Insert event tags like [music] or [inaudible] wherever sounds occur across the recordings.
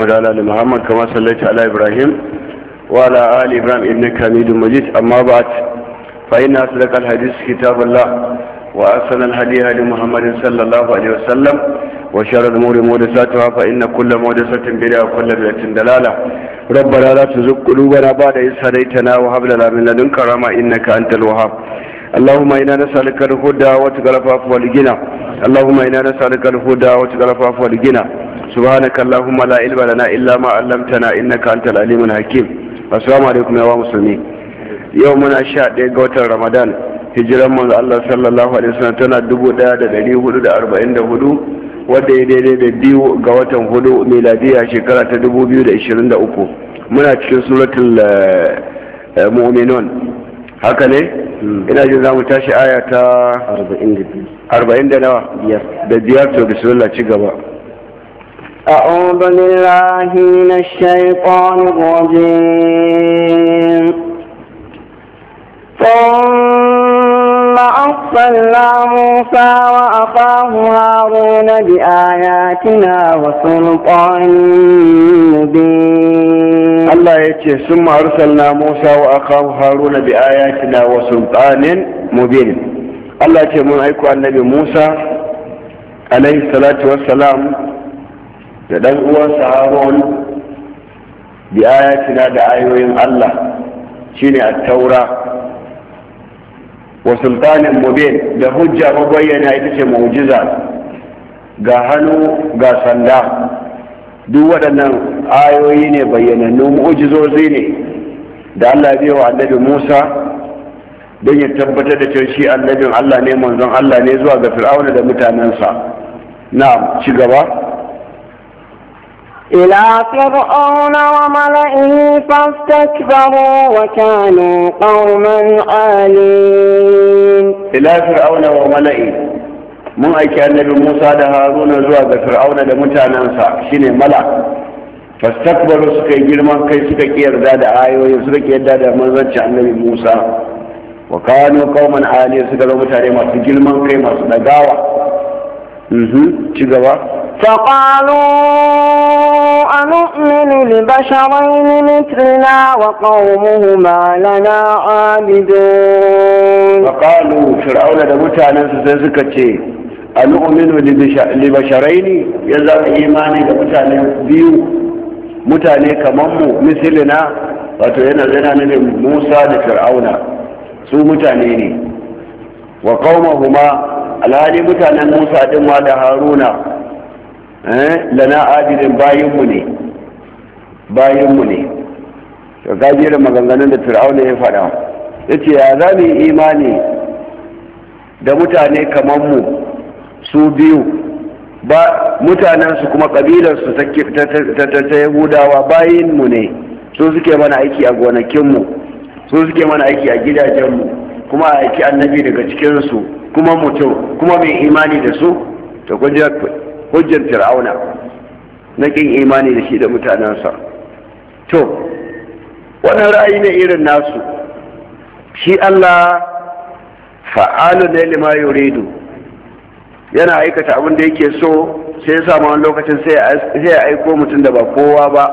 wadda ala kamar sallaita ala ibrahim wa ala ali ibrahim ibn kamidu majid amma ba a fa ina su daga alhadis kitabullah wa asan alhadi hadi muhammad sallallahu alaihi wasallam wa sharar muri mu da satu hafa ina kulla mu da satin bida a kulla da latin dalala rabbara za su zuƙi ƙulubana ba da isa dai na wa habla lamin ladin karama ina ka an talwaha اللهم إنا نسألك الهدى وتقرفاف والجنى اللهم إنا نسألك الهدى وتقرفاف سبحانك اللهم لا علم لنا إلا ما علمتنا إنك أنت العليم الحكيم السلام عليكم يا مسلمين يومنا شاء ديقوة رمضان hijiran manzo Allah sallallahu alaihi wasallam tana 1444 wanda ya daidai da biyu ga watan hudu miladiya shekara ta 2023 muna cikin suratul eh, eh, mu'minun haka ne hmm. ina jin zamu tashi aya ta 40 da nawa da biyar to bismillah ci gaba أعوذ بالله من الشيطان الرجيم ثم أرسلنا موسى وأخاه هارون بآياتنا وسلطان مبين الله يتشي ثم أرسلنا موسى وأخاه هارون بآياتنا وسلطان مبين الله يتشي من أيكو النبي موسى عليه الصلاة والسلام da ɗan uwansa Harun bi ayatina da ayoyin Allah shine at-taura wa sultanin mubin da hujja mabayyana ita ce mu'jiza ga hannu ga sanda duk waɗannan ayoyi ne bayyanannu mu'jizozi ne da Allah ya wa annabi Musa don ya tabbatar da cewa shi annabin Allah ne manzon Allah ne zuwa ga Fir'auna da mutanensa na'am ci gaba إلى فرعون وملئه فاستكبروا وكانوا قوما عالين إلى فرعون وملئه mun aiki annabi Musa da Haruna zuwa ga Fir'auna da mutanensa shine mala fastakbaru suka yi girman kai suka ki yarda da ayoyin suka ki yarda da manzancin annabi Musa wa kanu qauman ali suka zama mutane masu girman kai masu dagawa mhm ci gaba faqalu أنؤمن لبشرين مثلنا وقومهما لنا عابدون فقالوا فرعون دمتا ننسى سكتي أنؤمن لبشرين يزال إيماني دمتا ننسى mutane kamar mu misilina wato yana zana ne Musa da Fir'auna su mutane ne wa qaumahuma alhali mutanen Musa din ma da Haruna Eh? lana abidin bayinmu ne bayinmu ne to da maganganun da fir'auna ya faɗa ya ce ya za mu yi imani da mutane kamar mu su biyu ba su kuma ƙabilarsu ta yahudawa bayinmu ne su suke mana aiki a gonakinmu su suke mana aiki a gidajenmu kuma a aiki annabi daga cikinsu kuma mutum kuma mai imani da su to kun hujjar fir'auna na ƙin imani da shi da mutanensa to wannan ra'ayi ne irin nasu shi allah fa'alu ne lima yuridu yana aikata abin da yake so sai ya samu wani lokacin sai ya aiko mutum da ba kowa ba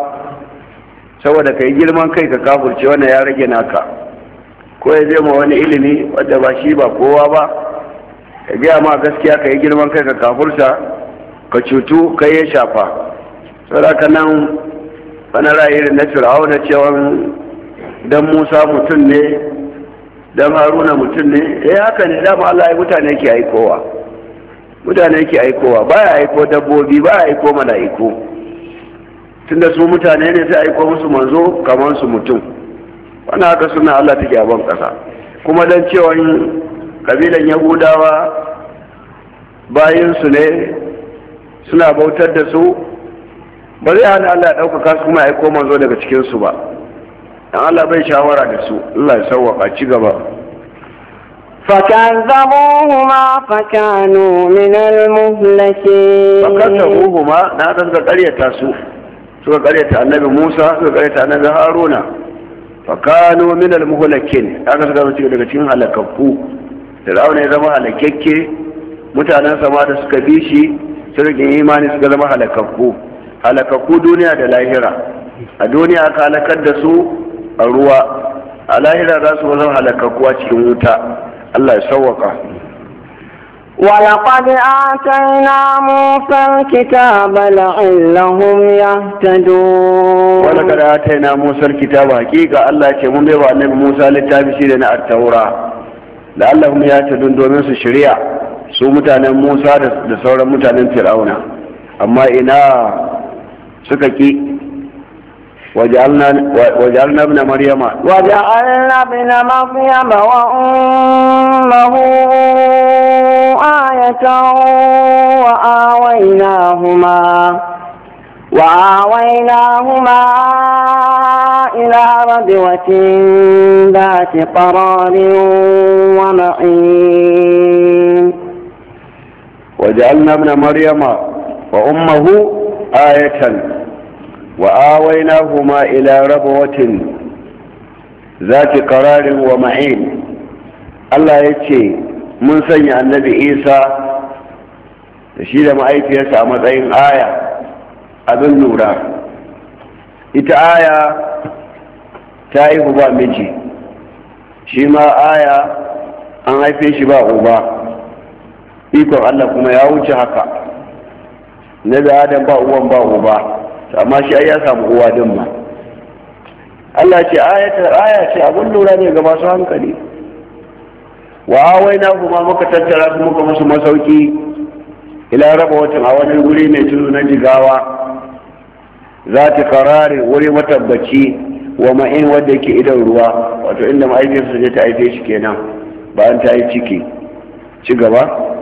saboda ka yi girman kai ka kafurce wannan ya rage naka ko ya zai ma wani ilimi wadda ba shi ba kowa ba ka gaya ma gaskiya ka yi girman kai ka kafurta ka cutu kai ya shafa saboda nan wani ra'ayi na fir'auna cewa dan musa mutum ne dan haruna mutum ne eh haka ne dama allah ya mutane ke aikowa mutane ke aikowa ba ya aiko dabbobi ba ya aiko mala'iku tunda su mutane ne sai aiko musu manzo kamar su mutum wannan haka suna allah take abon kasa kuma dan cewa kabilan yahudawa su ne suna bautar da su ba zai hana Allah ya ɗaukaka su kuma ya aiko manzo daga cikinsu ba dan Allah bai shawara da su Allah ya sauwaka ci gaba فكذبوهما فكانوا من المهلكين فكذبوهما نادن قرية تاسو سوى قرية النبي موسى سوى قرية النبي هارون فكانوا من المهلكين هذا سوى قرية تاسو هلكفو فرعون zama هلككي mutanen sama da suka bi shi sirgin imani suka zama halakakku halakakku duniya da lahira a duniya aka halakar da su a ruwa a lahira za su zama halakakku a cikin wuta Allah ya sauwaka ولقد آتينا موسى الكتاب لعلهم يهتدون ولقد آتينا موسى الكتاب حقيقة الله da na أن موسى للتابسين التوراة لعلهم يهتدون su الشريعة su mutanen musa da sauran mutanen fir'auna amma ina suka ki waje'alna bin maryama waje'alna bin maryama wa ummahu ayatan wa awainahuma wa awainahuma ila radiwatin dati qararin wa ma'in وجعلنا ابن مريم وأمه آية وآويناهما إلى ربوة ذات قرار ومعين الله يتشي من سنع النبي إيسى تشيد ما أيت يسعى مدعين آية أبن نورا إت آية تائه با مجي شما آية أن أيفيش با أبا ikon Allah kuma ya wuce haka nabi adam ba uwan ba uba amma shi ai ya samu uwa din ma Allah ce ayata aya ce abin lura ne ga masu hankali wa awaina kuma muka tattara su muka musu masauki ila raba watan a wani guri mai tudu na jigawa za ta karare wuri matabbaci wa ma'in wadda ke idan ruwa wato inda ma'aikinsa je ta aife shi kenan bayan ta yi ciki ci gaba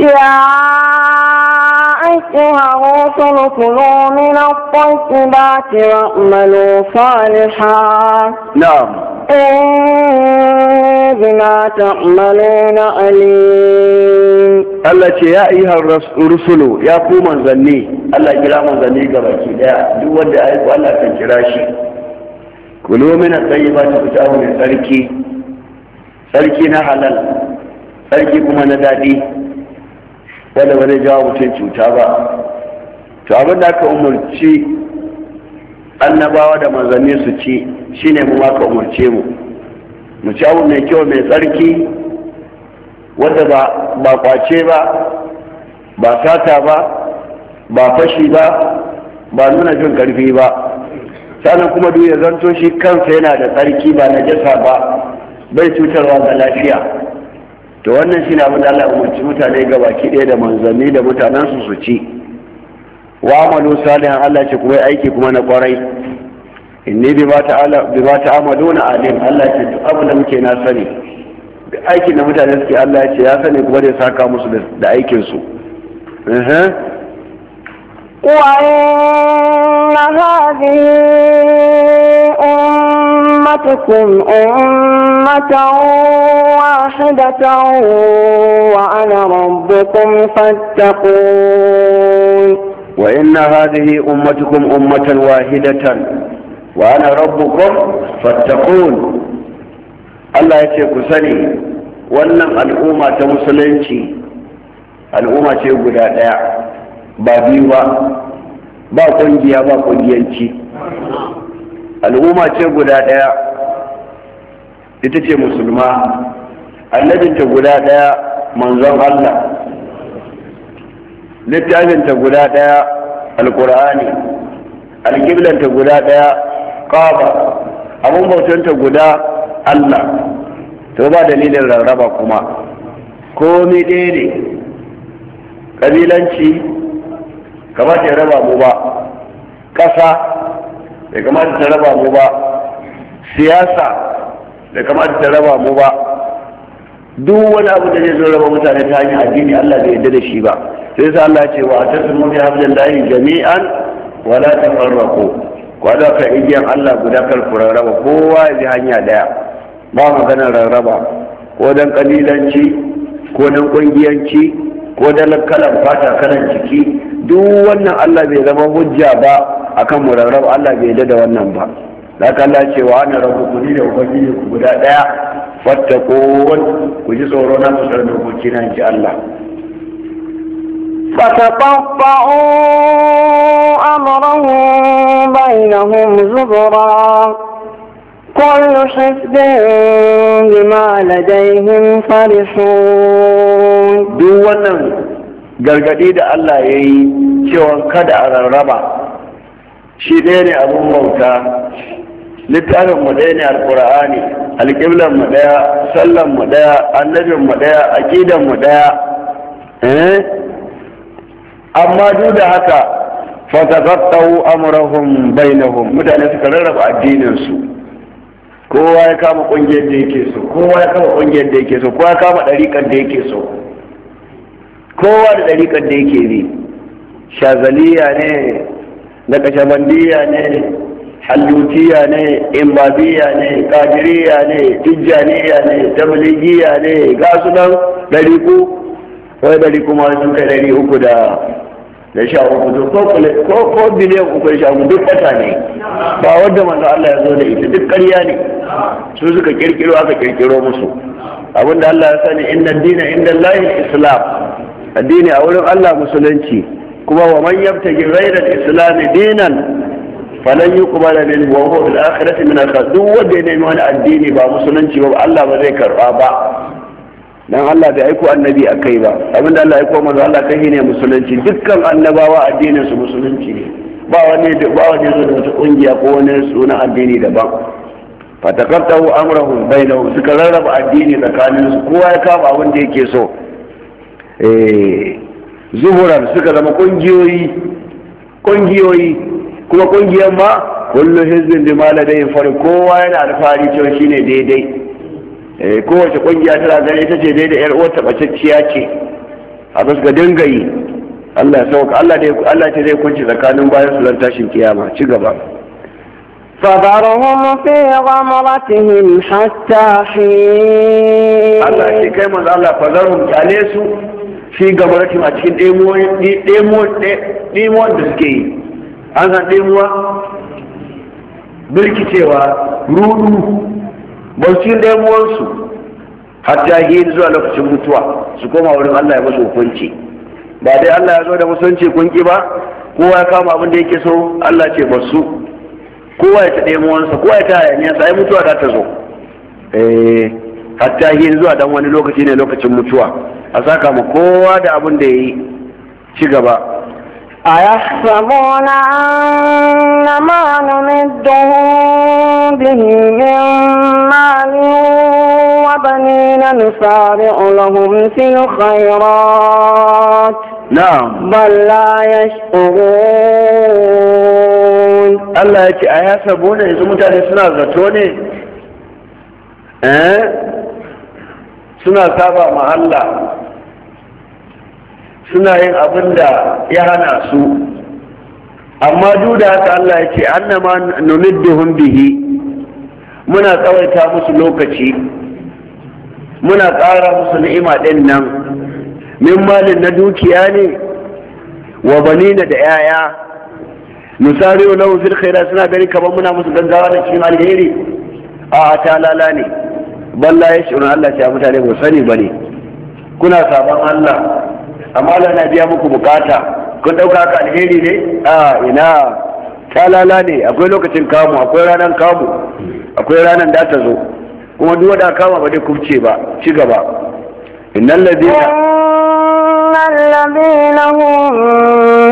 يا أيها الرسل كلوا من الطيبات واعملوا صالحا نعم بما تعملون Allah ce ya yi rusulu ya ku manzanni Allah kira manzanni ga baki daya duk wanda ya ku Allah kan kira shi kulo mina tsayi ba ta fita sarki na halal sarki kuma na daɗi wanda wani jawo mutum cuta ba to abin da aka umarci annabawa da manzanni su ci shine mu aka umarce mu mu ci abu mai kyau mai tsarki wanda ba ba kwace ba ba sata ba ba fashi ba ba nuna jin karfi ba sannan kuma duk ya zanto shi kansa yana da tsarki ba na jasa ba bai cutarwa ga lafiya to wannan shine abin da Allah ya umarci mutane ga baki ɗaya da manzanni da mutanen su su ci wa amalu salihan Allah ce kuma aiki kuma na kwarai inni bi ma ta'ala bi ma ta'amaluna alim Allah ce duk abin da muke na sani da aikin da mutane suke Allah ya ce ya sani kuma zai saka musu da aikin su وأن هذه أمتكم أمة أمة واحدة وأنا ربكم فاتقون وإن هذه أمتكم أمة واحدة وأنا ربكم فاتقون الله يتيك سني wannan al'umma ta musulunci al'umma ce guda ɗaya ba biyu ba ba ƙungiya ba ƙungiyanci al'umma ce guda ɗaya ita ce musulma annabinta guda ɗaya manzon Allah littafinta guda ɗaya alkur'ani alkiblanta guda ɗaya ƙaba abin bautanta guda Allah to ba dalilin rarraba kuma komi ɗaya ne ƙabilanci kamata ya raba mu ba ƙasa bai kamata ta raba mu ba siyasa da kamata ta raba mu ba duk wani abu da zai zo raba mutane ta hanyar addini Allah bai yarda da shi ba sai sa Allah ce wa tasmu bi hablillahi jami'an wa la tafarraqu ku da ka igiyan Allah guda kar ku rarraba kowa ya bi hanya daya ba magana rarraba ko dan kalilanci ko dan kungiyanci ko dan kalan fata kalan ciki duk wannan Allah bai zama hujja ba akan mu rarraba Allah bai yarda da wannan ba haka Allah ce wa ana rabu ku ni da ubangiji ku guda daya fattaqo ku ji tsoro na tsoron da ku kina ji Allah فتطفعوا أمرهم بينهم زبرا كل حفظ بما لديهم فرحون دوانا قلقديد الله يهي شوان على الربا شديني أبو موتا littafin mu ɗaya ne alƙur'ani alƙiblan mu ɗaya sallan mu ɗaya annabin mu ɗaya aqidan mu ɗaya eh amma duk da haka fataqattau amrahum bainahum mutane suka rarraba addinin su kowa ya kama kungiyar da yake so kowa ya kama kungiyar da yake so kowa ya kama ɗariƙar da yake so kowa da ɗariƙar da yake bi shazaliya ne da kashabandiya ne allutiya ne imbabiya ne kajiriya ne tijjaniya ne tabligiya ne ga su nan ɗariku wai ɗari kuma sun ɗari uku da da sha ko ko biliyan uku da duk kasa ba wanda manzo Allah ya zo da ita duk ƙarya ne su suka kirkiro aka kirkiro musu abinda Allah ya sani inna dina inda Allah islam addini a wurin Allah musulunci kuma wa man yabtaji ghayra al-islam dinan falan yi kuma da min wa huwa fil akhirati min al duk wanda ya nemi wani addini ba musulunci ba Allah ba zai karba ba dan Allah bai aiko annabi akai ba Abin da Allah ya aiko manzo Allah kai ne musulunci dukkan annabawa addinin su musulunci ne ba wani ba wani zo da wata kungiya ko wani suna addini daban fatakartahu amrahu bainahu suka rarraba addini tsakanin su kowa ya kama abin da yake so eh zuhuran suka zama kungiyoyi kungiyoyi kuma kungiyar ma kullu hizbin bima ladayhim fari. kowa yana alfahari cewa shine daidai eh kowace kungiya tana gani ita ce daidai yar uwar ciya ce a bas ga dinga yi Allah ya sauka Allah dai Allah ce zai kunci tsakanin bayan su lantashin tashin kiyama ci gaba فذرهم في غمرتهم حتى حين الله kai كاي Allah الله فذرهم عليه su shi gabaratun a cikin ɗemo da suke yi an san ɗemuwa birkicewa rudu bancin ɗemuwansu hatta hin zuwa lokacin mutuwa su koma wurin Allah ya musu hukunci ba dai Allah ya zo da musulunci kunki ba kowa ya kama abin da yake so Allah ce basu kowa ya ta ɗemuwansa kowa ya ta hayaniyarsa sai mutuwa ta ta zo eh hatta hin zuwa dan wani lokaci ne lokacin mutuwa a saka ma kowa da abin da ya yi ci gaba أيحسبون أن ما نمدهم به من مال وبنين نسارع لهم في الخيرات نعم بل لا يشعرون الله يتي أيحسبون إذا متعني سنة زتوني أه؟ سنة تابع مع الله suna yin abin da ya hana su amma duk da haka Allah ya ce annama nunidduhum bihi muna tsawaita musu lokaci muna ƙara musu ni'ima ɗin nan min malin na dukiya ne wa banina da 'ya'ya misali wa lahu fil khaira suna gani kamar muna musu gaggawa da cikin alheri a ta lala ne balla ya Allah ya mutane ba sani bane kuna saban Allah amma Allah na biya muku bukata kun ɗauka haka alheri ne a ina talala ne akwai lokacin kamu akwai ranar kamu akwai ranar da ta zo kuma duk wanda kama ba dai kubce ba ci gaba innal ladina الذين هم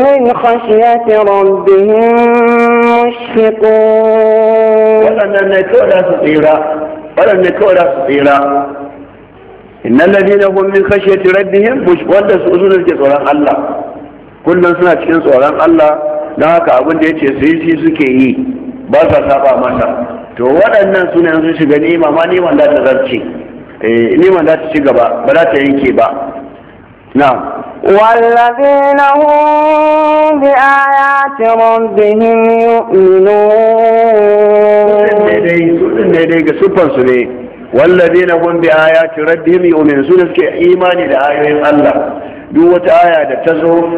من خشية ربهم مشفقون ولن نكون سطيرا ولن su tsira. inna ladina hum min khashyati rabbihim wanda su su suke tsoron Allah kullun suna cikin tsoron Allah don haka abin da yace su yi suke yi ba sa saba masa to waɗannan suna sun shiga nima ma niman da ta zarce eh, niman da ta ci gaba ba za ta yanke ba na'am والذين هم بآيات ربهم يؤمنون. والذين هم بآيات ربهم يؤمنون سنة إيماني لآية الله دوة آية تزهر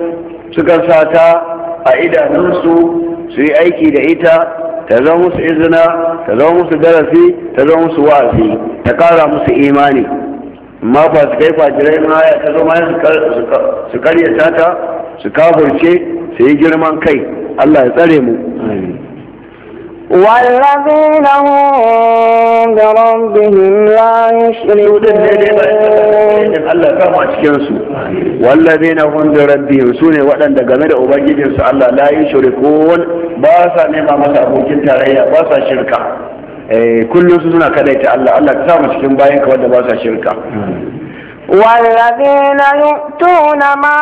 سكن ساتا أئدا ننسو سي أيكي لإيتا تزهر مس إذنا تزهر مس درسي تزهر مس واسي تقارى مس إيماني ما فاسكي فاجري ما آية تزهر ما سكرية ساتا سكابر شيء سيجرمان كي الله يسلمه والذين هم بربهم لا يشركون الله كما cikinsu wallazina hum bi rabbihim sune waɗanda game da ubangijinsu Allah la tarayya ba sa shirka kullum su suna والذين يؤتون ما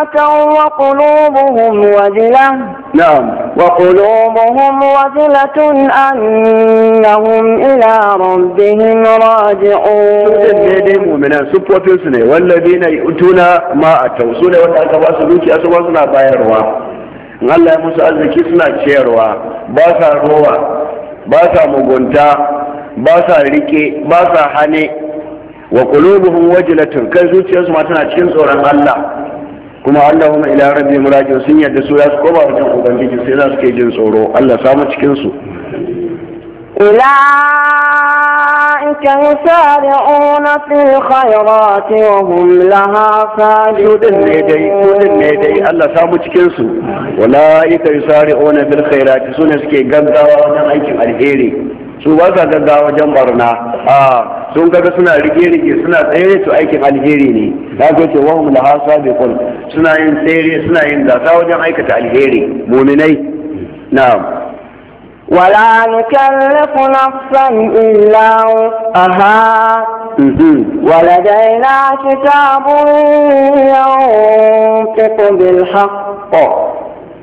آتوا وقلوبهم وجلة نعم وقلوبهم وجلة أنهم إلى ربهم راجعون من والذين يؤتون ما آتوا سنة وتأكبا سنوكي أسوا سنة بايروا Allah ya musu arziki suna ciyarwa ba sa rowa ba sa mugunta ba sa rike ba sa hane wa qulubuhum wajilatun kai zuciyarsu ma tana cikin tsoron Allah kuma Allahumma ila rabbi murajin sun yadda su ya su koma wajen ubangiji sai za su jin tsoro Allah samu cikin su أولئك يسارعون في الخيرات وهم لها سابقون الله سامو cikinsu أولئك يسارعون في الخيرات سنة suke غمزة وجن aikin alheri? su ba sa gaggawa wajen barna a sun kaga suna rige-rige suna tsere su aikin alheri ne da ga ce wahum la hasabiqun suna yin tsere suna yin gasa wajen aikata alheri muminai na'am ولا نكلف نفسا إلا وسعها ولدينا كتاب ينطق بالحق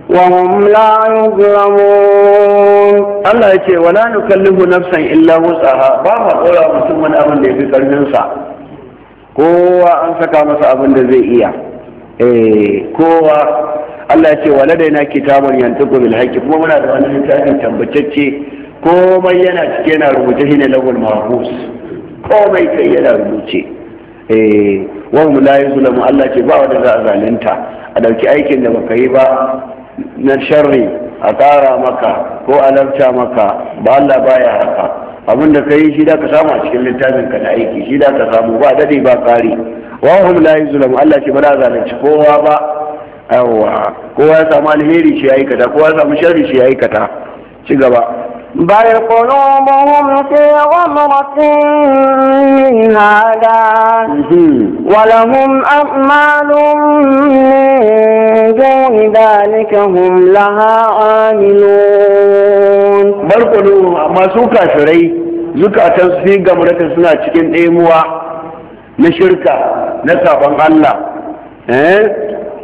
وهم لا يظلمون الله يكي ولا نكلف نفسا إلا وسعها بابا قولا مسلم من أبن دي في قرنسا كوا أنسكا مسا أبن دي إيا كوا Allah ya ce wa ladaina kitabun yantuku bil haqqi kuma muna da wani littafin tambatacce komai yana rubuce shine lagul mahfuz komai kai yana rubuce eh wa hum la yuzlamu Allah ce ba wanda za a zalunta a ɗauki aikin da baka yi ba na sharri a ƙara maka ko a lafta maka ba Allah baya haka abin da ka yi shi da ka samu a cikin littafin ka na aiki shi da ka samu ba dade ba ƙari wa hum la yuzlam Allah ce ba za zalunci kowa ba yawa kowa ya samu alheri shi ya aikata kowa ya samu sharri shi ya aikata ci gaba بل قلوبهم في غمرة من هذا ولهم أعمال من دون ذلك هم لها عاملون بل قلوبهم ما سوكا شري زكاة في غمرة سنة تكين إيموا نشركة نسابا الله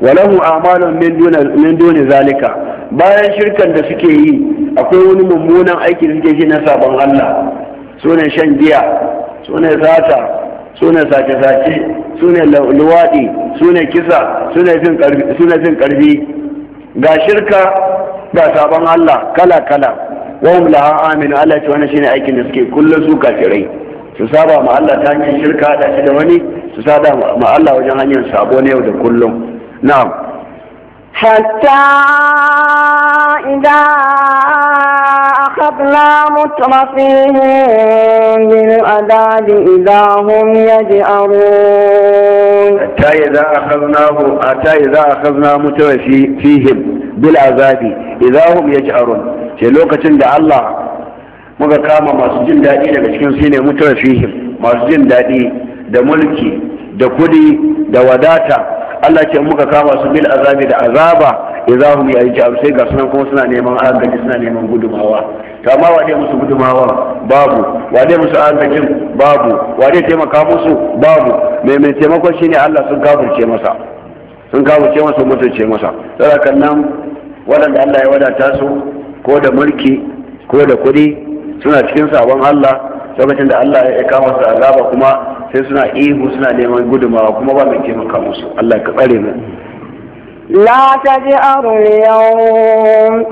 ولهم أعمال من دون ذلك bayan shirkan da suke yi akwai wani mummunan aikin da suke shi na sabon Allah sunan shan giya sunan zata sunan sace-sace sunan luwaɗi sunan kisa sunan fin ƙarfi ga shirka ga sabon Allah kala-kala wahum laha aminu Allah ce wani shine aikin da suke kullum su kafirai su saba ma Allah ta hanyar shirka da shi da wani su saba ma Allah wajen hanyar sabo na yau da kullum na'am hatta إذا أخذنا مترفيهم بالعذاب إذا هم يجأرون أتى إذا أخذناه أتى إذا أخذنا مترفيهم بالعذاب إذا هم يجأرون في لوقت عند الله muka kama masu jin daɗi daga cikin su ne mutarfihim masu jin daɗi da mulki da kuɗi da wadata Allah ce muka kama su bil azabi da azaba ya za mu yi abu sai ga sunan kuma suna neman agaji suna neman gudumawa to amma wade musu gudumawa babu wade musu agajin babu wade taimaka musu babu mai mai taimakon shine Allah sun kafirce masa sun kafirce masa mutunce masa saboda nan waɗanda Allah ya wadata su ko da mulki ko da kuɗi suna cikin sabon Allah lokacin da Allah ya kama su azaba kuma sai suna ihu suna neman gudumawa kuma ba mai taimaka musu Allah ka tsare mu لا تجأروا اليوم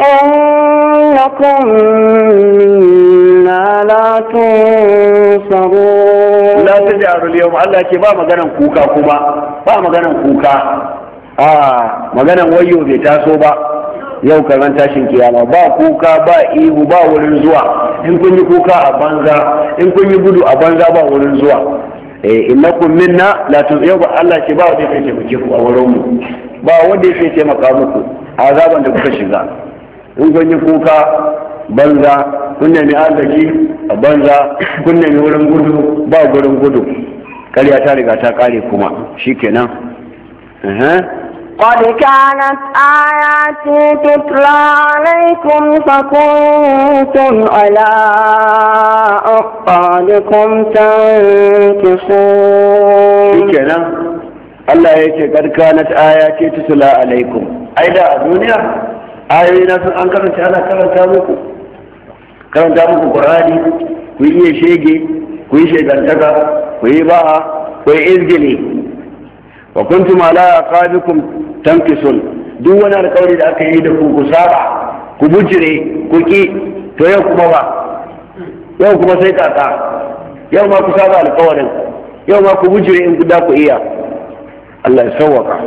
إنكم منا لا تنصرون لا تجأروا اليوم الله يكي ما مغانا كوكا ba maganan مغانا كوكا آه مغانا ويو taso ba. yau karan tashin kiyama ba kuka ba ihu ba wurin zuwa in kun yi kuka a banza in kun yi gudu a banza ba wurin zuwa eh innakum minna la ba Allah ce ba wanda ya muke ku a wurin mu ba wanda ya taimaka muku azaban da kuka shiga in kun kuka banza kun nemi arziki a banza kun nemi wurin gudu ba wurin gudu karya ta riga ta kare kuma shikenan قد كانت آياتي تتلى عليكم فكنتم على Allah ya ce karka na aya ke tusula alaikum ai da a duniya ayoyi na sun an karanta ana karanta muku karanta muku qur'ani ku yi shege ku yi shegantaka ku yi ba'a ku yi izgili wa kuntum ala aqabikum tankisun duk wani alƙawari da aka yi da ku saba ku bujire ku ki to yau kuma ba yau kuma sai kaka yau ma ku saba alƙawarin yau ma ku bujire in ku da ku iya Allah ya sawwaka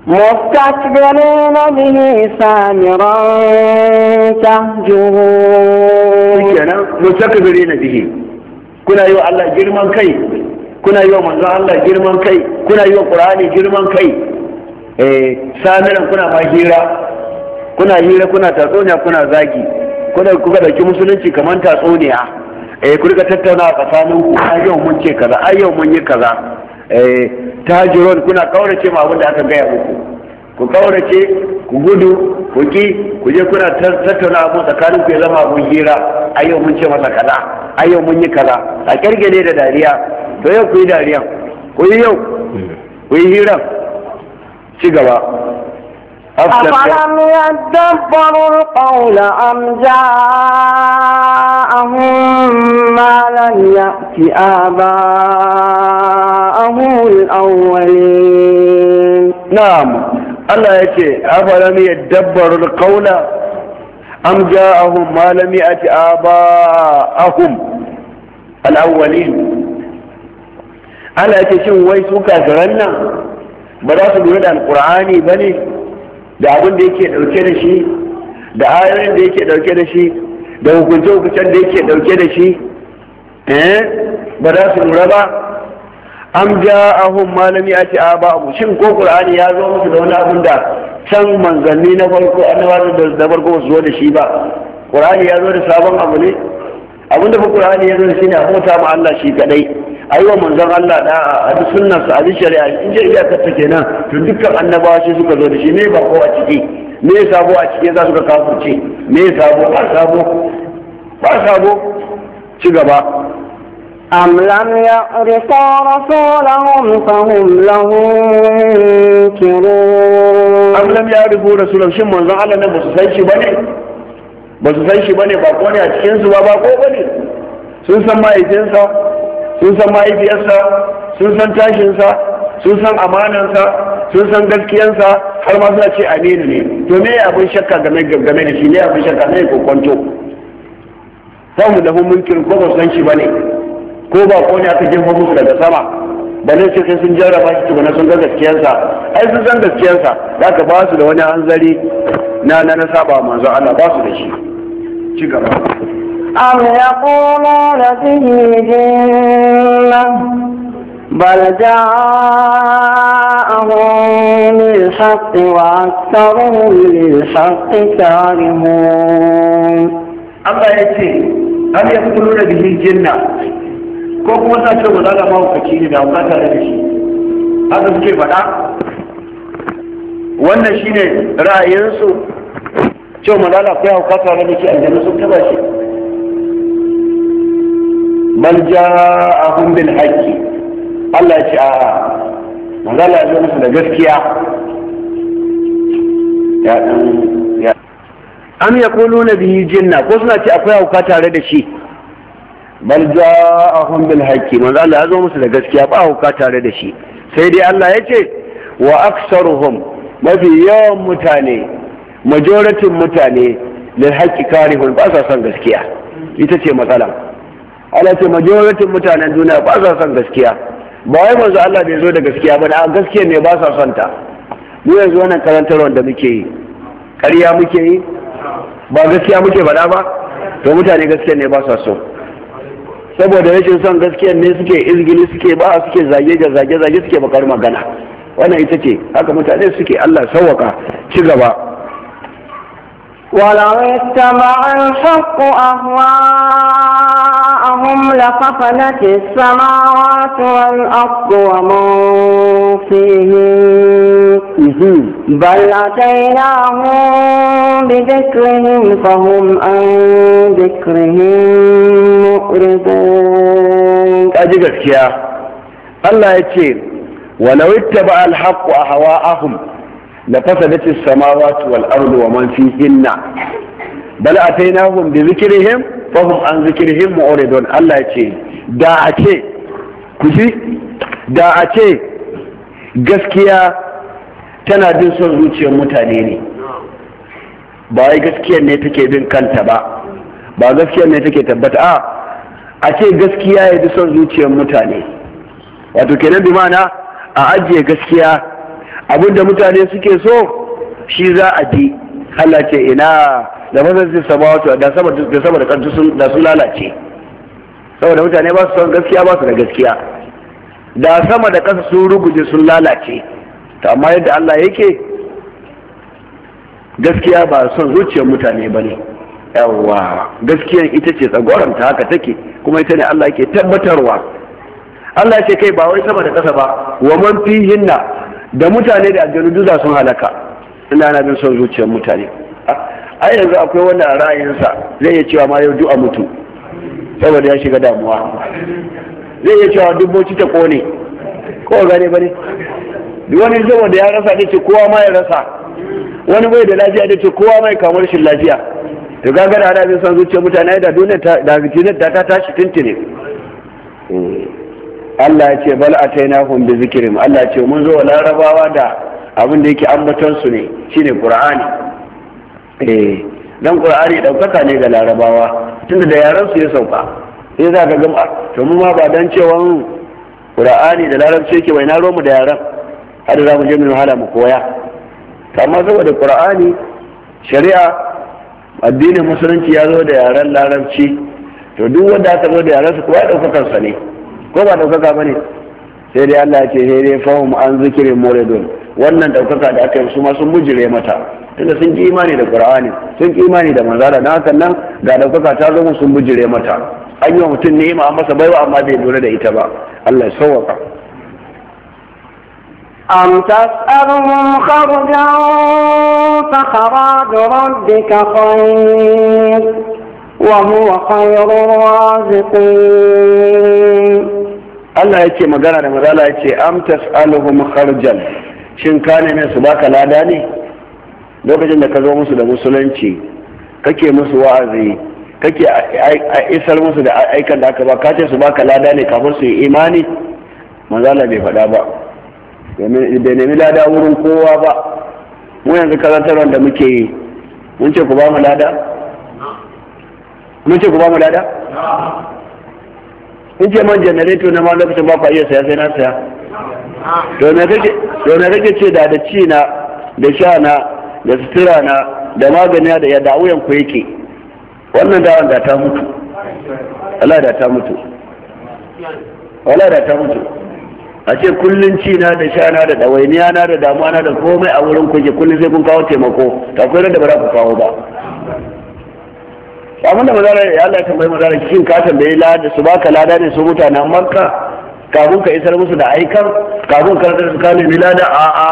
مستكبرين به سامرا تهجرون مستكبرين به كنا يو الله جرمان كي kuna yi wa manzo Allah girman kai kuna yi wa Qur'ani girman kai eh samiran kuna ma hira kuna hira kuna tatsuniya kuna zagi kuna kuka dauki musulunci kamar tatsuniya eh ku rika tattauna a tsakanin ku a yau mun ce kaza a yau mun yi kaza eh tajiron kuna kaurace ma abin da aka gaya muku ku kaurace ku gudu ku ki ku je kuna tattauna abu tsakanin ku ya zama abun hira a yau mun ce masa kaza a yau mun yi kaza a ne da dariya to yau ku yi dariya ku yi yau ku yi hira ci gaba أفلم يدبروا القول أم جاءهم ما لم يأت آباءهم الأولين نعم Allah ya ce afalam yadabbaru alqawla am ja'ahum ma lam ya'ti aba'ahum alawwalin Allah ya ce shin wai su kafiran nan ba za su lura da alqur'ani bane da abin da yake dauke da shi da ayoyin da yake dauke da shi da hukunce hukuncen da yake dauke da shi eh ba za su lura ba an ja'ahum ma lam ya'ti aba'u shin ko qur'ani ya zo musu da wani abin da can manzanni na farko annabawa da farko su zo da shi ba qur'ani ya zo da sabon abu ne abinda fa qur'ani ya zo da shine a huta ma Allah shi kadai aiwa manzon Allah da a duk sunnar sa a duk shari'a in je iya katta kenan to dukkan annabawa shi suka zo da shi me ba ko a ciki me sabo a cikin za su ga kafirce me sabo ba sabo ba sabo ci gaba أم لم يعرفوا رسولهم فهم له منكرون أم لم يعرفوا رسولهم شم من على نبي سيشي بني ba su san shi bane ba ko ne a cikin su ba ba ko sun san mahaifinsa sun san sun san tashinsa sun san amanansa sun san gaskiyansa har ma suna ce aminu ne to me abin shakka game game da shi ne abin shakka ne ko kwanto mu da mun mulkin ko ba su san shi bane ko ba ko ne aka jefa musu daga sama balle ce sai sun jarraba shi tukuna sun ga gaskiyarsa ai sun san gaskiyarsa da ka ba su da wani hanzari na na na saba manzo Allah ba su da shi ci gaba am yaquluna bihi jinna bal ja'ahum lil haqq wa aktharuhum lil haqq karihun Allah yace am yaquluna bihi jinna ko kuma sa ce ba za ka mahaukaci ne da hauka tare da shi haka suke faɗa wannan shine ra'ayinsu cewa mazala kai hauka tare da shi aljanna sun taba shi bal ja'ahum bil haqqi Allah ya ce a'a mazala ya zo musu da gaskiya ya dan ya am yaquluna bihi jinna ko suna ce akwai hauka tare da shi bal ja'ahum bil haqqi manzo Allah ya zo musu da gaskiya ba hauka tare da shi sai dai Allah ya ce wa aksaruhum mafi yawan mutane majoratin mutane lil haqqi karihun ba sa son gaskiya ita ce matsala Allah ce majoratin mutanen duniya ba sa son gaskiya ba wai manzo Allah bai zo da gaskiya ba a gaskiya ne ba sa son ta mu yanzu wannan karantar wanda muke yi ƙarya muke yi ba gaskiya muke faɗa ba to mutane gaskiya ne ba sa so saboda rashin son gaskiyar ne suke izgili suke ba suke zage ga zage zage suke bakar magana wannan ita ce haka mutane suke Allah sawaka ci gaba Wala ولو al الحق أهواء لهم لخفلت السماوات والأرض ومن فيهن بل أتيناهم بذكرهم فهم عن ذكرهم مؤرضون أجيك يا الله يتشير ولو اتبع الحق أهواءهم لقفلت السماوات والأرض ومن فيهن bal atainahum bi zikrihim fa hum an zikrihim mu'ridun Allah ya ce da a ce ku ji da a ce gaskiya tana jin son zuciyar mutane ne ba wai gaskiyar ne take bin kanta ba ba gaskiya ne take tabbata a a ce gaskiya ya bi son zuciyar mutane wato kenan bi mana a ajiye gaskiya abinda mutane suke so shi za a ji Allah ce ina da mazajin samawatu da sama da sama da kanta sun da sun lalace saboda mutane ba su son gaskiya ba su da gaskiya da sama da ƙasa sun ruguje sun lalace to amma yadda Allah yake gaskiya ba son zuciyar mutane ba ne yawwa gaskiyar ita ce tsagoranta haka take kuma ita ne Allah yake tabbatarwa Allah ya ce kai ba wai sama da ƙasa ba wa man fihinna da mutane da aljanu duza sun halaka ina na bin son zuciyar mutane ai yanzu akwai wani a ra'ayinsa zai iya cewa ma yau du'a mutu saboda ya shiga damuwa zai iya cewa dubboci ta kone ko gane bane duk wani da ya rasa dace kowa ma ya rasa wani bai da lafiya dace kowa mai kamar shi lafiya to ga gada ana bin san zuciya mutane da duniya da jinar da ta tashi tuntune Allah ya ce bal hum bi zikrim Allah ya ce mun zo larabawa da abin da yake ambaton su ne shine qur'ani eh dan qur'ani daukaka ne ga larabawa tunda da yaran su ya sauka sai za ka gama to mu ma ba dan cewa qur'ani da larabci yake bai na romu da yaran har za mu je mu hala mu koya amma saboda qur'ani shari'a addinin musulunci ya zo da yaran larabci to duk wanda aka zo da yaran su kuwa daukakar sa ne ko ba daukaka bane sai dai Allah ce sai dai fahim an zikirin muridun wannan daukaka da aka yi su ma sun mujire mata tunda sun ki imani da qur'ani sun ki imani da manzara dan hakan nan ga daukaka ta zama sun mujire mata an yi wa mutum ni'ima an masa baiwa amma bai lura da ita ba Allah ya sauwaka أم تسألهم خرجا فخراج ربك خير وهو خير الرازقين Allah yake magana da mazala ya ce Amtas tas'aluhum kharjan shin ka ne su baka lada ne lokacin da ka zo musu da musulunci kake musu wa'azi kake a isar musu da aikan da aka ba ka ce su baka lada ne kafin su yi imani mazala bai faɗa ba bai nemi lada wurin kowa ba mu yanzu karantar da muke yi mun ce ku ba mu lada mun ce ku ba mu lada in ce man janareto na ma lokacin ba ku iya saya sai na saya to me kake ce da da ci na da sha na da sutura na da magani da yadda wuyan ku yake wannan dawan da ta mutu Allah da ta mutu Allah da ta mutu a ce kullun ci na da sha na da dawainiya na da damuwa na da komai a wurin ku ke kullun sai kun kawo taimako ta akwai da ba za ku kawo ba abin da mazara ya Allah tambayi mazara kin ka tambayi lada su baka lada ne su mutanen makka kafin ka isar musu da aikan kafin ka rada su ka nemi lada a a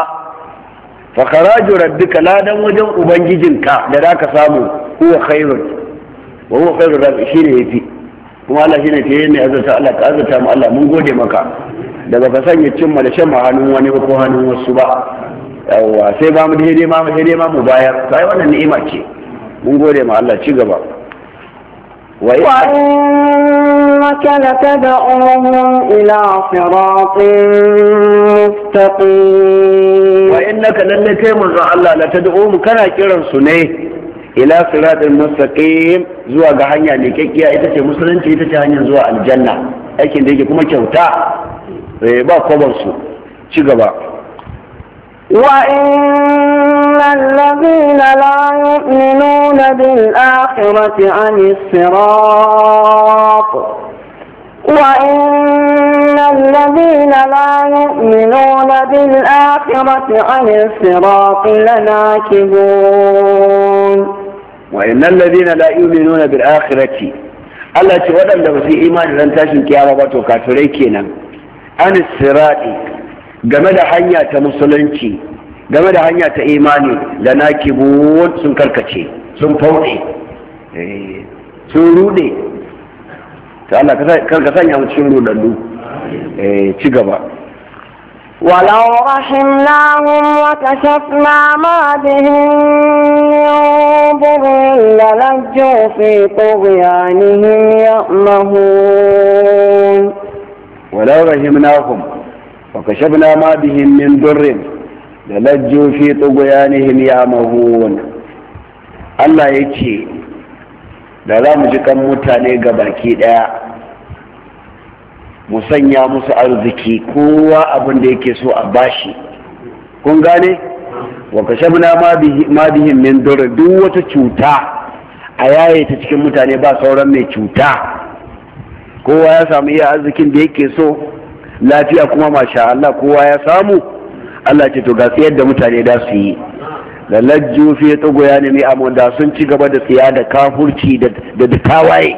fa kharaju rabbika ladan wajen ubangijinka da zaka samu huwa khairun wa huwa khairur ne shine yafi kuma Allah shine ta yi mai azurta Allah ka azurta mu Allah mun gode maka daga ka sanya cimma da shan hannun wani ko hannun wasu ba yawwa sai ba mu daidai ma mu daidai ma mu bayar sai wannan ni'ima ce mun gode ma Allah ci gaba وإنك لتدعوهم إلى صراط مستقيم وإنك للك من الله لتدعوهم كنا كيران ila siratin mustaqim zuwa ga hanya mai kyakkiya ita ce musulunci ita ce hanyar zuwa aljanna aikin da yake kuma kyauta ba kwabar su ci wa in الذين لا يؤمنون بالآخرة عن الصراط وإن الذين لا يؤمنون بالآخرة عن الصراط لناكبون وإن الذين لا يؤمنون بالآخرة Allah ce waɗanda في إيمان لن imani ran tashin kiyama ba to kafirai kenan an game da hanya ta imani da na kibuwan sun karkace sun fauɗe, eh, sun rude ta Allah karka sanya mu cikin rudallu eh, ci gaba walau rahim lahum wa kashafna ma bihim yunzurun la lajju fi tughyanihim ya'mahun walau rahimnahum wa kashafna ma bihim min durrin da lajjo fi tsuguyanihim ya mahun Allah ya ce da za mu ji kan mutane ga baki ɗaya mu sanya musu arziki kowa abin da yake so a bashi kun gane wa kashabna ma bihim min dora duk wata cuta a yaye ta cikin mutane ba sauran mai cuta kowa ya samu iya arzikin da yake so lafiya kuma masha Allah kowa ya samu Allah ce to ga tsayar da mutane da su yi da lajju fi tsugoya ne mai amon da sun ci gaba da tsiya da kafurci da da tawaye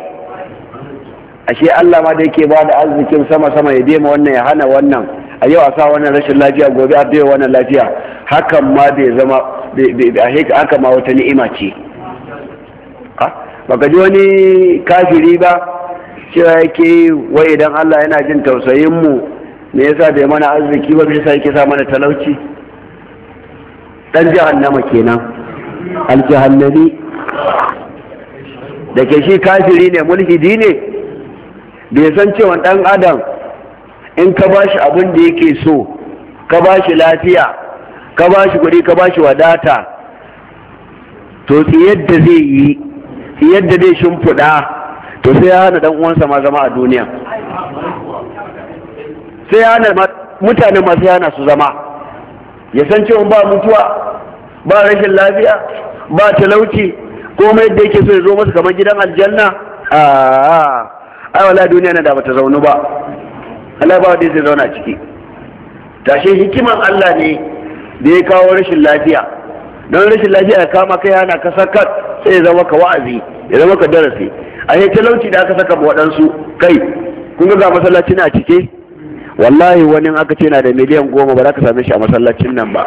ashe Allah ma da yake ba da arzikin sama sama ya dema wannan ya hana wannan a yau a sa wannan rashin lafiya gobe a bai wannan lafiya hakan ma bai zama a haka ma wata ni'ima ce baka ji wani kafiri ba cewa yake wai idan Allah yana jin tausayin mu me yasa bai mana arziki ba bisa yake sa mana talauci dan jahannama kenan aljahannabi da ke shi kafiri ne mulhidi ne bai san cewa dan adam in ka bashi abin da yake so ka bashi lafiya ka bashi kuɗi ka bashi wadata to yadda zai yi yadda zai shimfiɗa to sai ya hana dan uwansa ma zama a duniya sai hana mutane masu yana su zama ya san cewa ba mutuwa ba rashin lafiya ba talauci ko mai da yake so ya zo masu kamar gidan aljanna a wala duniya na da bata zaunu ba Allah ba wanda zai zauna ciki tashe hikiman Allah ne da ya kawo rashin lafiya don rashin lafiya ya kama kai hana ka sakar sai ya zama ka wa'azi ya zama ka darasi a talauci da aka saka waɗansu kai kun ga masallaci na cike wallahi wani aka ce na da miliyan goma ba za ka same shi a masallacin nan ba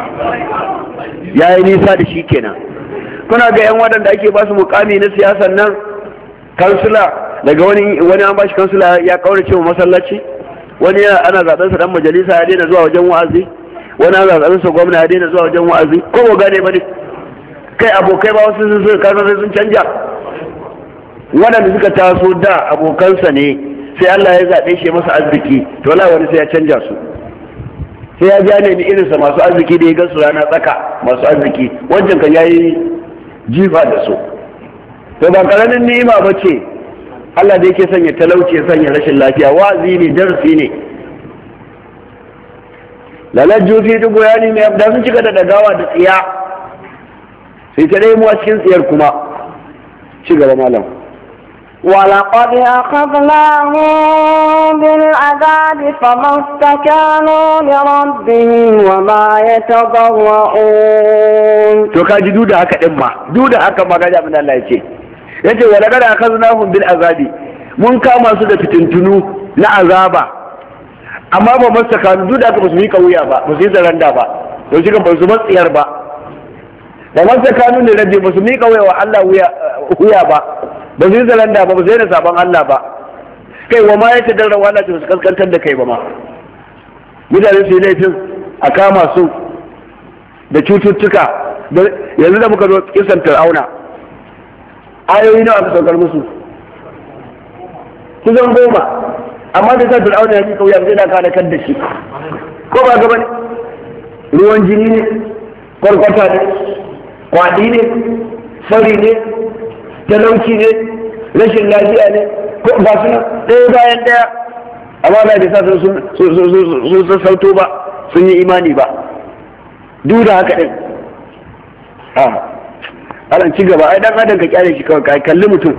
ya yi nisa da shi kenan kuna ga yan waɗanda ake ba su mukami na siyasan nan kansula daga wani wani an ba shi kansula ya kaura ce masallaci wani ana zaɓen sa dan majalisa ya daina zuwa wajen wa'azi wani ana zaɓen sa gwamna ya daina zuwa wajen wa'azi ko ba gane ba ne kai abokai ba wasu sun sun kasance sun canja waɗanda suka taso da abokansa ne sai Allah ya zaɓe shi masa arziki to wala wani sai ya canja su sai ya ni irin sa masu arziki da ya gansu rana tsaka masu arziki wancan kan yayi jifa da su to ba karamin ni'ima ba ce Allah da yake sanya talauci sanya rashin lafiya wazi ne darasi ne lalajju fi duk bayani mai abda sun cika da dagawa da tsiya sai ta dai mu a cikin tsiyar kuma ci gaba malam ولقد أخذناهم بالعذاب فما استكانوا لربهم وما يتضرعون تكاجي دودا هكا إما دودا هكا ما قال من الله يشي yace wa laqad akhadnahum bil azabi mun kama su da fitintunu na azaba amma ba masaka duk da ba su yi kauya ba ba su yi zaranda ba ba su ba su matsiyar ba ba masaka ne rabbi ba su yi kauya wa Allah wuya ba ba su yi zalanda ba ba su yi da sabon Allah ba kai wa ma ya ta dara wala ce su kaskantar da kai ba ma mutane su yi laifin a kama su da cututtuka yanzu da muka zo kisan tarauna ayoyi nawa aka saukar musu kusan goma amma da sa tarauna ya ji kauya zai na kada kan da shi ko ba gaba ne ruwan jini ne kwarkwata ne kwaɗi ne fari ne talauci ne rashin lafiya ne ko ba su ɗaya bayan ɗaya amma ba da sa sun sassauto ba sun yi imani ba duk da haka ɗin ah. alan ci gaba ai dan adam ka kyale shi kawai kalli mutum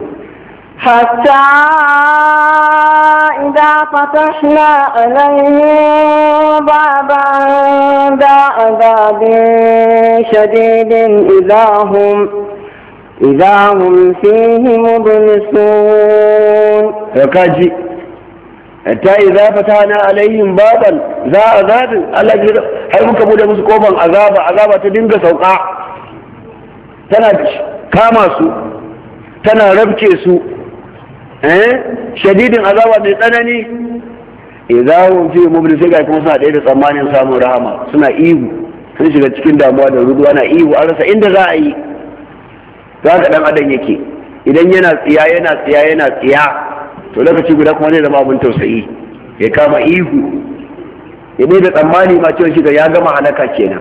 حتى إذا فتحنا عليهم بابا ذا عذاب شديد إذا هم fi إذا هم فيه مبلسون فكاجي حتى إذا فتحنا عليهم بابا ذا عذاب الذي har muka bude musu kofan azaba azaba ta dinga sauka tana kama su tana rabke su eh shadidin azaba mai tsanani idza hum fi mublisin ga kuma suna ɗaya da tsammanin samun rahama suna ihu sun shiga cikin damuwa da ruduwa ana ihu an rasa inda za a yi to dan adam yake idan yana tsiya yana tsiya yana tsiya to lokaci guda kuma ne zama abin tausayi ya kama ihu idan da tsammani ma cewa shiga ya gama halaka kenan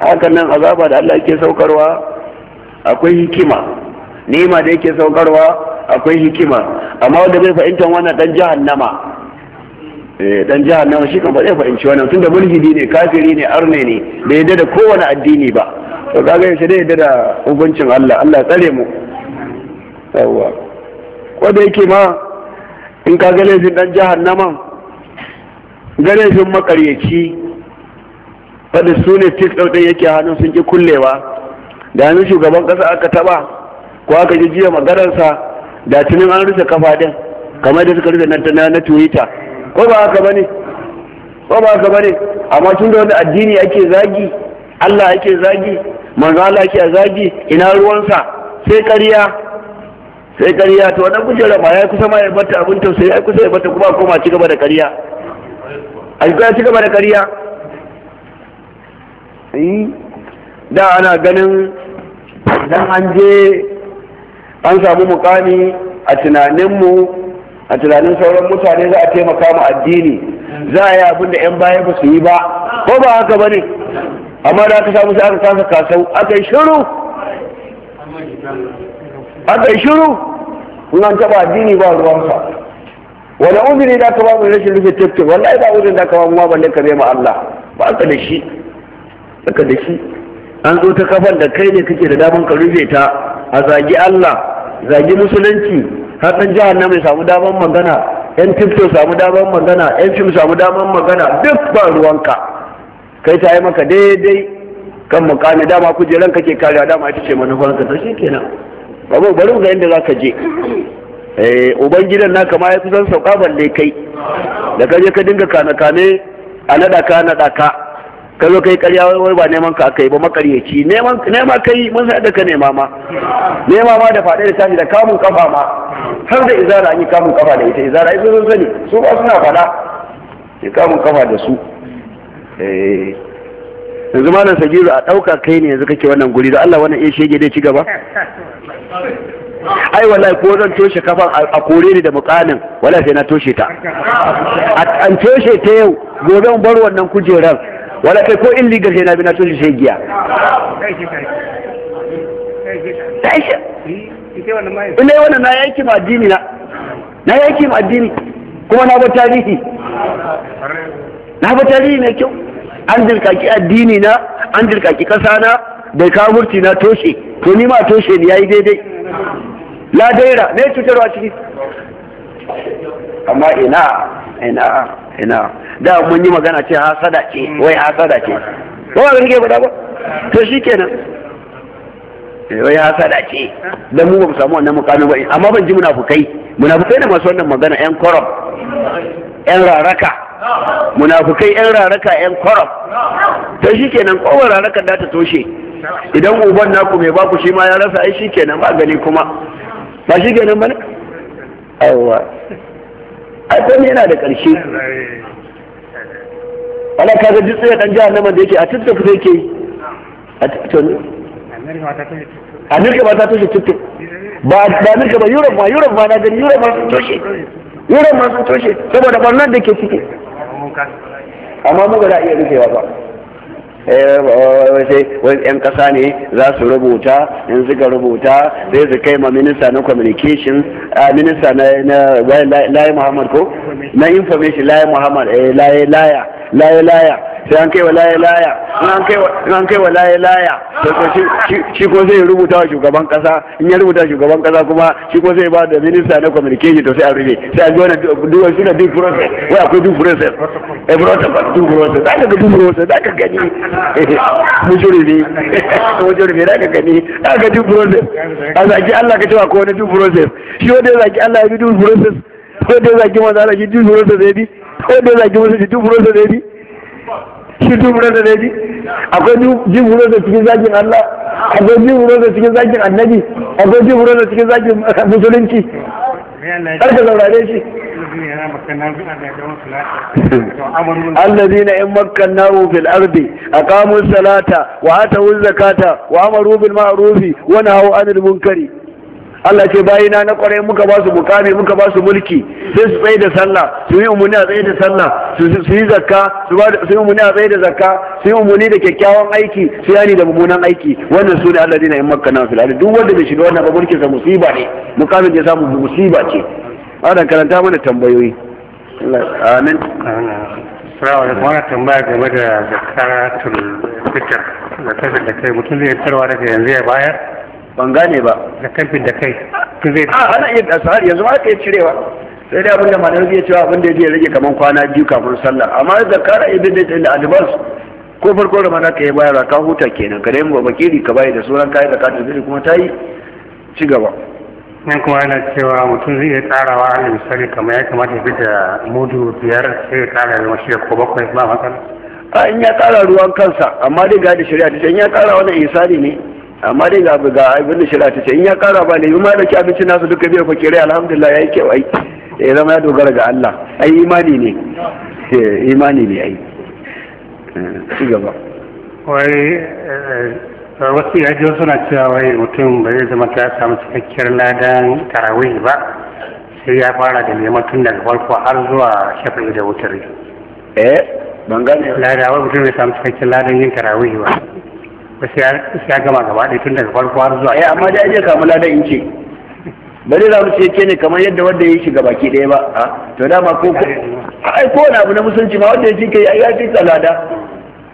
hakan nan azaba da Allah yake saukarwa akwai hikima nema da yake saukarwa akwai hikima amma wanda bai fahimtar wannan dan jahannama eh dan jahannama shi kan ba zai fahimci wannan tunda mulhidi ne kafiri ne arne ne bai yadda da kowane addini ba to kaga yaushe dai da hukuncin Allah Allah tsare mu yawa ko da yake ma in ka ga laifin dan jahannama ga laifin makaryaci fadi su ne fix ɗin yake hannun sun ki kullewa da hannun shugaban ƙasa aka taɓa ko aka ji jiya maganarsa da tunin an rufe kafa din kamar da suka rufe na na twitter ko ba haka bane ko ba haka bane amma tun da wani addini ake zagi Allah ake zagi manzo Allah ke zagi ina ruwansa sai ƙarya sai ƙarya to wannan kujera ba yayi kusa ma ya bata abin tausayi ya kusa ya bata kuma koma ci gaba da ƙarya a kusa ci gaba da ƙarya da ana ganin dan an je an samu mukami a tunanin mu a tunanin sauran mutane za a taimaka mu addini za a yi abin da 'yan baya ba su yi ba ko ba haka ba ne amma da aka samu sai aka kasa kasau aka yi shiru aka yi shiru kun an taɓa addini ba ruwansa wani uzuri da aka ba mu rashin rufe tafkin wallahi ba uzuri da aka ba mu ma balle ka ma Allah ba ka da shi ka da shi an zo ta kafan da kai ne kake da daman ka rufe ta a zagi Allah zagi musulunci har dan jihar na mai samu daman magana yan tifto samu daman magana yan fim samu daman magana duk ba ruwanka kai ta yi maka daidai kan mukami dama kujeran kake kariya dama ita ce manufanka to shikenan babu bari ga inda zaka je eh ubangidan naka ma ya kusan sauka balle kai da kaje ka dinga kana kane a nada ka nada ka ka zo kai karya wai ba neman ka akai ba makaryaci neman nema kai mun sai da ka nema ma nema ma da faɗe da tashi da kamun kafa ma har da izara an yi kamun kafa da ita izara ai sun sani su ba suna faɗa ki kamun kafa da su Eh. yanzu malam sagiru a ɗauka kai ne yanzu kake wannan guri da Allah wannan iya shege dai ci gaba ai wallahi ko zan toshe kafan a kore ni da mukanin wallahi sai na toshe ta an toshe ta yau gobe in bar wannan kujerar wallahi kai ko in liga sai na bi na toshe sai giya ina wannan na yanki ma addini na na yanki ma addini kuma na bar tarihi na fi tarihi mai kyau an jirkaki addini na an jirkaki ƙasa na da kamurci na toshe to ni ma toshe ni yayi daidai la daira ne cutarwa ciki amma ina ina ina da mun yi magana ce hasada ce wai hasada ce ko wani ke faɗa ba to shi kenan wai hasada ce dan mu ba mu samu wannan mukamin ba amma ban ji munafukai munafukai da masu wannan magana yan korob yan raraka munafukai yan raraka yan kwarar ta shi kenan kowar raraka da ta toshe idan uban naku mai baku shi ma ya rasa ai shi kenan magani kuma ba shi kenan ba ne aiwa ai yana da ƙarshe ana kaga duk tsaye dan jihar naman da yake a tuttuk zai ke a a nirka ba ta toshe tuttuk ba nirka ba europe ma europe ma na gani europe ma sun toshe europe ma sun toshe saboda ɓarnar da ke ciki amma mu ba za a iya rufewa ba eh, eh, wasu 'yan kasa ne za su rubuta in suka rubuta zai su kai ma minista na communication minista na layi muhammad ko na information layi muhammad eh, layi laya layi laya sai an kai wa laye laya in an kai wa laye laya shi ko zai rubuta wa shugaban kasa in ya rubuta shugaban kasa kuma shi ko zai ba da minista na communication to sai an rube sai a ji wani duwa shi na due process wai akwai due process a eh, protocol duk process za ka ga duk process za ka gani mujurimi [laughs] mujurimi [laughs] za ka gani za ka ga duk process a zaki Allah ka cewa ko wani duk process shi wanda ya zaki Allah ya bi duk process ko da ya zaki manzo Allah shi duk process ya bi ko da ya zaki musu due process ya bi shi dubura da daji akwai jibura da cikin zagin Allah akwai jibura da cikin zagin annabi akwai jibura da cikin zagin [laughs] musulunci har ka zaurare shi الذين إن مكناه في الأرض أقاموا الصلاة وآتوا الزكاة وأمروا بالمعروف ونهوا عن المنكر Allah ce bayina na kwarai muka ba su mukami muka ba su mulki sai su tsaye da sallah su yi umuni a tsaye da sallah su yi zakka su yi umuni a tsaye da zakka su yi umuni da kyakkyawan aiki su yani da mummunan aiki wannan su ne Allah dina in makka nan ardi duk wanda bai shiga wannan ba mulkin sa musiba ne mukamin da ya samu musiba ce Allah karanta mana tambayoyi amin Assalamu alaikum wani tambaya game da zakaratul fitr da ta da kai mutum zai tarwa daga yanzu ya bayar ban gane ba da karfin da kai ku zai a ana iya asahar yanzu ma kai cirewa sai dai abinda malamai zai cewa abinda ya rage kaman kwana biyu kafin sallah amma da kara ibn da albas ko farko da mana ka yi ka huta kenan ka dai bakiri ka bayar da sauran kai da katin zai kuma ta yi ci gaba nan kuma yana cewa mutum zai iya wa a misali kamar ya kamata ya fi da mudu biyar sai ya tsara da mashi ko bakwai ba matsala a in ya tsara ruwan kansa amma dai ga da shari'a ta in ya tsara wannan isari ne amma dai ga ga ibn shira ta ce in ya kara ba ne in ma dauki abincin nasu duka biyar fakirai alhamdulillah yayi kyau ai ya zama ya dogara ga Allah ai imani ne eh, imani ne ai eh, ci gaba wai eh, wasu yaji suna cewa wai mutum ba zai zama ta samu cikakkiyar ladan tarawih ba sai ya fara da neman tun daga farko har zuwa shafi da wutar eh ban gane ladan wai mutum bai samu cikakkiyar ladan yin tarawih ba ba sai ya gama gaba ɗaya tun daga farko har zuwa eh, amma dai aje kamu lada in ce bari za mu ce ke ne kamar yadda wanda ya shiga baki ɗaya ba to dama ko ko ai ko wani abu na musulunci ma wanda ya ce kai ya ce lada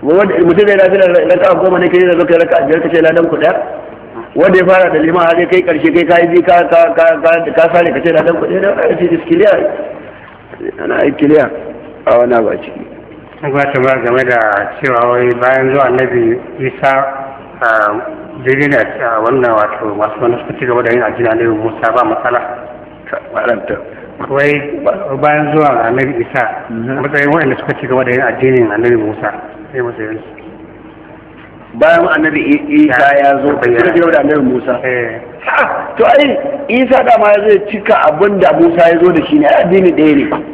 mutum zai lafi raka goma ne kai da zaka raka biyar kace ladan ku ɗaya wanda ya fara da liman haje kai karshe kai kai bi ka ka ka ka sare kace ladan ku ɗaya da ce iskiliya ana iskiliya a wani abu a ciki sun kuma tambaya game da cewa wai bayan zuwa annabi isa a jirginet a wannan wato masu wani suka ci gaba da yin ajina ne musa ba matsala wai bayan zuwa annabi isa mhm. matsayin wa'anda suka ci gaba da yin addinin annabi musa sai masu yin bayan annabi isa ya zo suka ci gaba da annabi musa eh. to ai isa ma ya zai cika abin musa ya zo da shi ne a addini ɗaya ne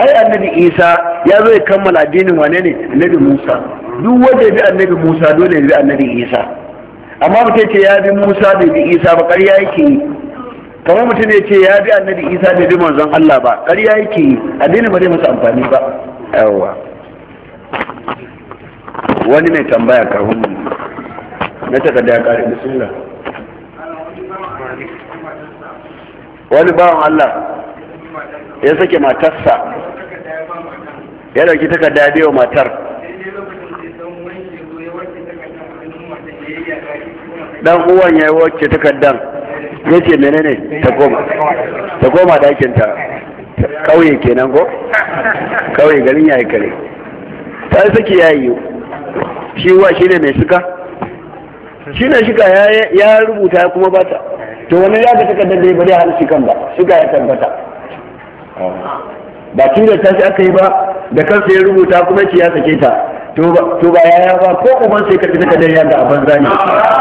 ai annabi isa ya zo ya kammala addinin wane ne annabi musa duk wanda ya bi annabi musa dole ya bi annabi isa amma mutum ce ya bi musa bai bi isa ba ƙarya yake yi kamar mutum ya ce ya bi annabi isa bai bi manzon allah ba ƙarya yake yi addinin ba zai masa amfani ba yawwa wani mai tambaya ne na takarda ya kare bismillah wani bawan allah ya sake matarsa ya dauki takarda ya biyo matar dan uwan ya wacce takardan ya ce menene ta koma ta koma ta kauye kenan go kauye garin yayi kare ta saki yayi shi wa shine mai suka shine shika ya rubuta kuma bata to wani ya ga takardar da ya bari hana shi kan ba suka ya tabbata ba tilasta shi aka yi ba da kansa ya rubuta kuma ya sake ta to ba yaya ba ko kuma sai ka tafi ka dan yanda a banza ne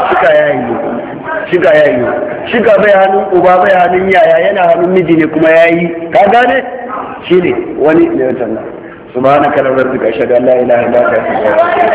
shiga ya yi shiga ya yi shiga bai hannun uba bai hannun yaya yana hannun miji ne kuma ya yi ka gane shi ne wani ne wata subhanaka rabbika ashhadu an la ilaha illa anta